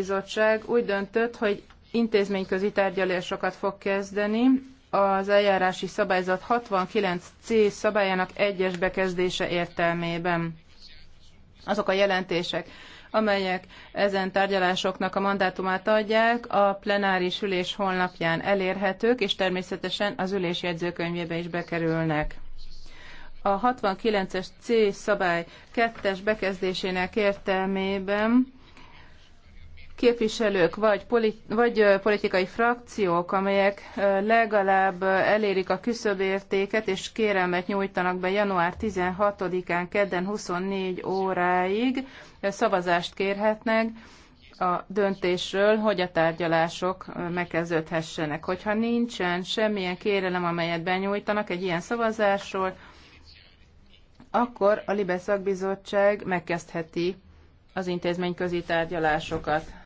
bizottság úgy döntött, hogy intézményközi tárgyalásokat fog kezdeni az eljárási szabályzat 69C szabályának egyes bekezdése értelmében. Azok a jelentések, amelyek ezen tárgyalásoknak a mandátumát adják, a plenáris ülés honlapján elérhetők, és természetesen az ülés jegyzőkönyvébe is bekerülnek. A 69-es C szabály kettes bekezdésének értelmében képviselők vagy, politi- vagy politikai frakciók, amelyek legalább elérik a küszöbértéket és kérelmet nyújtanak be január 16-án kedden 24 óráig, szavazást kérhetnek a döntésről, hogy a tárgyalások megkezdődhessenek. Hogyha nincsen semmilyen kérelem, amelyet benyújtanak egy ilyen szavazásról, akkor a Libeszakbizottság megkezdheti az intézményközi tárgyalásokat.